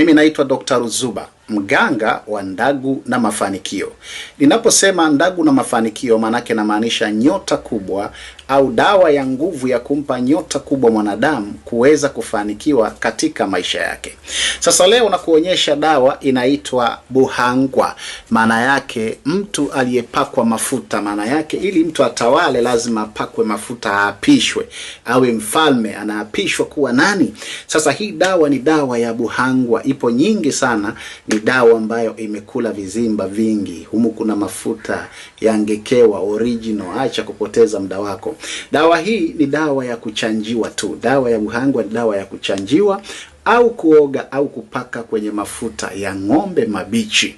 Mimi naitwa Dr. Ruzuba, mganga wa ndagu na mafanikio. Ninaposema ndagu na mafanikio, maanake namaanisha nyota kubwa au dawa ya nguvu ya kumpa nyota kubwa mwanadamu kuweza kufanikiwa katika maisha yake. Sasa leo nakuonyesha dawa inaitwa buhangwa, maana yake mtu aliyepakwa mafuta. Maana yake ili mtu atawale lazima apakwe mafuta, aapishwe, awe mfalme, anaapishwa kuwa nani? Sasa hii dawa ni dawa ya buhangwa, ipo nyingi sana, ni dawa ambayo imekula vizimba vingi. Humu kuna mafuta yangekewa original, acha kupoteza muda wako. Dawa hii ni dawa ya kuchanjiwa tu. Dawa ya Muhangwa ni dawa ya kuchanjiwa au kuoga au kupaka kwenye mafuta ya ng'ombe mabichi.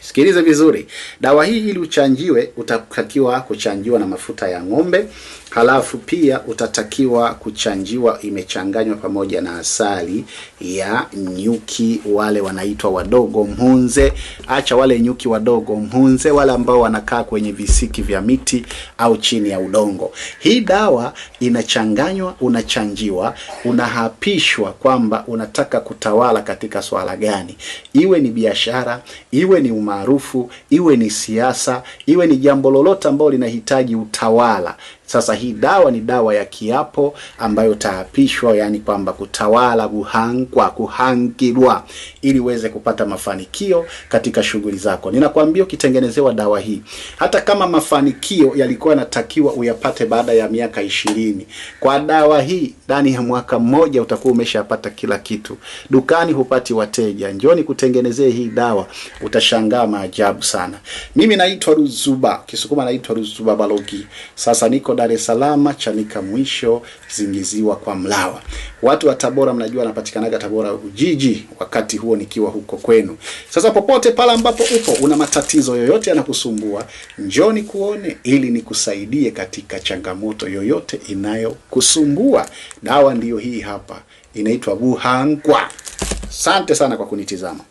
Sikiliza vizuri, dawa hii ili uchanjiwe, utatakiwa kuchanjiwa na mafuta ya ng'ombe, halafu pia utatakiwa kuchanjiwa imechanganywa pamoja na asali ya nyuki, wale wanaitwa wadogo mhunze. Acha wale nyuki wadogo mhunze, wale ambao wanakaa kwenye visiki vya miti au chini ya udongo. Hii dawa inachanganywa, unachanjiwa, unahapishwa kwamba unataka kutawala katika swala gani, iwe ni biashara, iwe ni uma umaarufu, iwe ni siasa, iwe ni jambo lolote ambalo linahitaji utawala, sasa hii dawa ni dawa ya kiapo ambayo taapishwa, yani kwamba kutawala kuhangwa kuhangirwa, ili uweze kupata mafanikio katika shughuli zako. Ninakwambia ukitengenezewa dawa hii, hata kama mafanikio yalikuwa yanatakiwa uyapate baada ya miaka ishirini, kwa dawa hii ndani ya mwaka mmoja utakuwa umeshapata kila kitu. Dukani hupati wateja, njoni kutengenezee hii dawa, utashangaa maajabu sana. Mimi naitwa Ruzuba, Kisukuma naitwa Ruzuba Balogi. Sasa niko Dar es Salaam, Chanika Mwisho, Zingiziwa kwa Mlawa. Watu wa Tabora mnajua wanapatikanaga Tabora Ujiji, wakati huo nikiwa huko kwenu. Sasa popote pale ambapo upo, una matatizo yoyote yanakusumbua, njoni kuone ili nikusaidie katika changamoto yoyote inayokusumbua. Dawa ndiyo hii hapa, inaitwa Buhangwa. Asante sana kwa kunitizama.